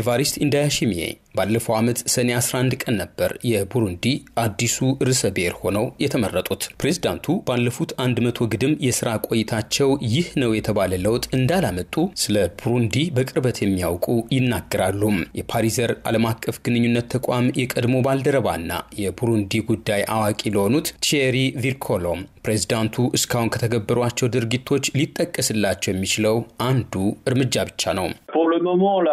ኤቫሪስት እንዳያሽሚዬ ባለፈው ዓመት ሰኔ 11 ቀን ነበር የቡሩንዲ አዲሱ ርዕሰ ብሔር ሆነው የተመረጡት። ፕሬዝዳንቱ ባለፉት 100 ግድም የሥራ ቆይታቸው ይህ ነው የተባለ ለውጥ እንዳላመጡ ስለ ቡሩንዲ በቅርበት የሚያውቁ ይናገራሉ። የፓሪዘር ዓለም አቀፍ ግንኙነት ተቋም የቀድሞ ባልደረባና የቡሩንዲ ጉዳይ አዋቂ ለሆኑት ቲዬሪ ቪርኮሎ ፕሬዝዳንቱ እስካሁን ከተገበሯቸው ድርጊቶች ሊጠቀስላቸው የሚችለው አንዱ እርምጃ ብቻ ነው። Euh,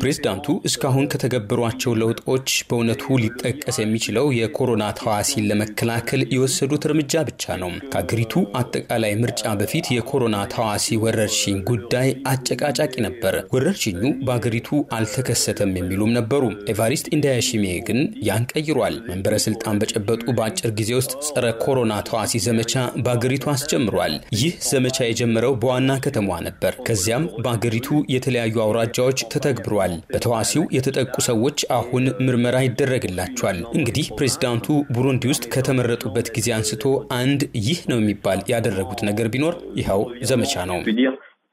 ፕሬዝዳንቱ እስካሁን ከተገበሯቸው ለውጦች በእውነቱ ሊጠቀስ የሚችለው የኮሮና ተዋሲን ለመከላከል የወሰዱት እርምጃ ብቻ ነው። ከአገሪቱ አጠቃላይ ምርጫ በፊት የኮሮና ተዋሲ ወረርሽኝ ጉዳይ አጨቃጫቂ ነበር። ወረርሽኙ በአገሪቱ አልተከሰተም የሚሉም ነበሩ። ኤቫሪስት እንዳያሽሜ ግን ያን ቀይሯል። መንበረ ስልጣን በጨበጡ በአጭር ጊዜ ውስጥ ጸረ ኮሮና ተዋሲ ዘመቻ በአገሪቱ አስጀምሯል። ይህ ዘመቻ የጀመረው በዋና ከተማዋ ነበር። ከዚያም በአገሪቱ በሀገሪቱ የተለያዩ አውራጃዎች ተተግብሯል። በተዋሲው የተጠቁ ሰዎች አሁን ምርመራ ይደረግላቸዋል። እንግዲህ ፕሬዚዳንቱ ቡሩንዲ ውስጥ ከተመረጡበት ጊዜ አንስቶ አንድ ይህ ነው የሚባል ያደረጉት ነገር ቢኖር ይኸው ዘመቻ ነው።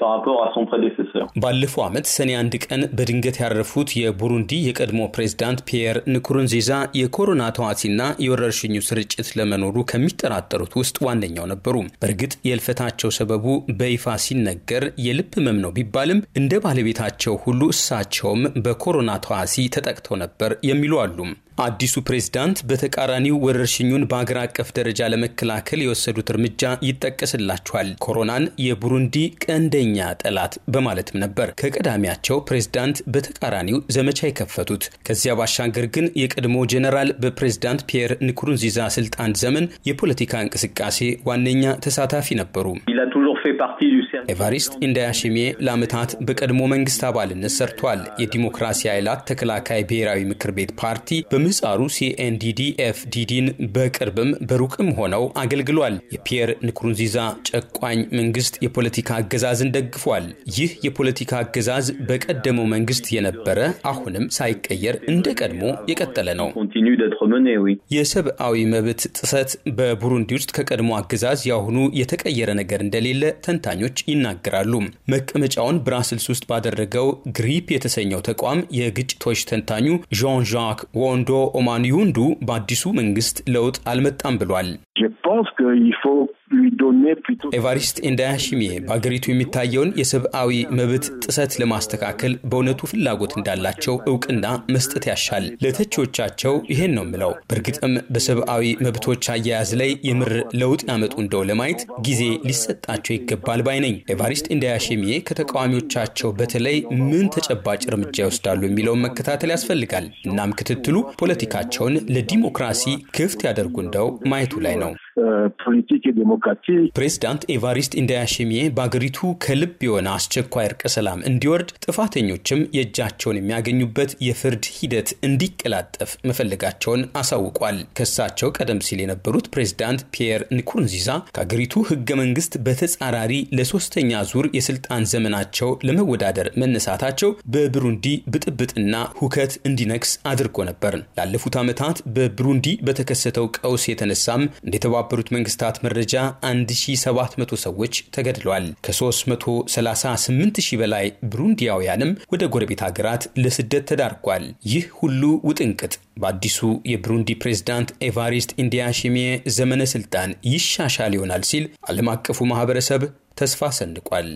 par rapport ባለፈው ዓመት ሰኔ አንድ ቀን በድንገት ያረፉት የቡሩንዲ የቀድሞ ፕሬዝዳንት ፒየር ንኩሩንዚዛ የኮሮና ተዋሲና የወረርሽኙ ስርጭት ለመኖሩ ከሚጠራጠሩት ውስጥ ዋነኛው ነበሩ። በእርግጥ የልፈታቸው ሰበቡ በይፋ ሲነገር የልብ ህመም ነው ቢባልም እንደ ባለቤታቸው ሁሉ እሳቸውም በኮሮና ተዋሲ ተጠቅተው ነበር የሚሉ አሉ። አዲሱ ፕሬዝዳንት በተቃራኒው ወረርሽኙን በአገር አቀፍ ደረጃ ለመከላከል የወሰዱት እርምጃ ይጠቀስላቸዋል። ኮሮናን የቡሩንዲ ቀንደኛ ጠላት በማለትም ነበር ከቀዳሚያቸው ፕሬዝዳንት በተቃራኒው ዘመቻ የከፈቱት። ከዚያ ባሻገር ግን የቀድሞ ጄኔራል በፕሬዝዳንት ፒየር ንኩሩንዚዛ ስልጣን ዘመን የፖለቲካ እንቅስቃሴ ዋነኛ ተሳታፊ ነበሩ። ኤቫሪስት ኢንዳያሽሜ ለዓመታት በቀድሞ መንግስት አባልነት ሰርቷል። የዲሞክራሲ ኃይላት ተከላካይ ብሔራዊ ምክር ቤት ፓርቲ በምህጻሩ ሲኤንዲዲኤፍዲዲን በቅርብም በሩቅም ሆነው አገልግሏል። የፒየር ንኩሩንዚዛ ጨቋኝ መንግስት የፖለቲካ አገዛዝን ደግፏል። ይህ የፖለቲካ አገዛዝ በቀደመው መንግስት የነበረ አሁንም ሳይቀየር እንደ ቀድሞ የቀጠለ ነው። የሰብአዊ መብት ጥሰት በቡሩንዲ ውስጥ ከቀድሞ አገዛዝ የአሁኑ የተቀየረ ነገር እንደሌለ ተንታኞች ይናገራሉ። መቀመጫውን ብራስልስ ውስጥ ባደረገው ግሪፕ የተሰኘው ተቋም የግጭቶች ተንታኙ ዣን ዣክ ወንዶ ኦማን ይሁንዱ በአዲሱ መንግስት ለውጥ አልመጣም ብሏል። je pense qu'il faut lui donner plutôt... ኤቫሪስት እንዳያሽሜ በአገሪቱ የሚታየውን የሰብአዊ መብት ጥሰት ለማስተካከል በእውነቱ ፍላጎት እንዳላቸው እውቅና መስጠት ያሻል። ለተቺዎቻቸው ይሄን ነው የምለው። በእርግጥም በሰብአዊ መብቶች አያያዝ ላይ የምር ለውጥ ያመጡ እንደው ለማየት ጊዜ ሊሰጣቸው ይገባል ባይ ነኝ። ኤቫሪስት እንዳያሽሜ ከተቃዋሚዎቻቸው በተለይ ምን ተጨባጭ እርምጃ ይወስዳሉ የሚለውን መከታተል ያስፈልጋል። እናም ክትትሉ ፖለቲካቸውን ለዲሞክራሲ ክፍት ያደርጉ እንደው ማየቱ ላይ ነው። ፖለቲክ የዴሞክራሲ ፕሬዚዳንት ኤቫሪስት ኢንዳያሽሚየ በአገሪቱ ከልብ የሆነ አስቸኳይ እርቀ ሰላም እንዲወርድ ጥፋተኞችም የእጃቸውን የሚያገኙበት የፍርድ ሂደት እንዲቀላጠፍ መፈለጋቸውን አሳውቋል። ከሳቸው ቀደም ሲል የነበሩት ፕሬዚዳንት ፒየር ንኩርንዚዛ ከአገሪቱ ህገ መንግስት በተጻራሪ ለሶስተኛ ዙር የስልጣን ዘመናቸው ለመወዳደር መነሳታቸው በብሩንዲ ብጥብጥና ሁከት እንዲነግስ አድርጎ ነበር። ላለፉት ዓመታት በብሩንዲ በተከሰተው ቀውስ የተነሳም እንደተባ በተባበሩት መንግስታት መረጃ 1700 ሰዎች ተገድለዋል። ከ338000 በላይ ብሩንዲያውያንም ወደ ጎረቤት ሀገራት ለስደት ተዳርጓል። ይህ ሁሉ ውጥንቅጥ በአዲሱ የብሩንዲ ፕሬዝዳንት ኤቫሪስት ኢንዲያሺሚዬ ዘመነ ስልጣን ይሻሻል ይሆናል ሲል ዓለም አቀፉ ማህበረሰብ ተስፋ ሰንቋል።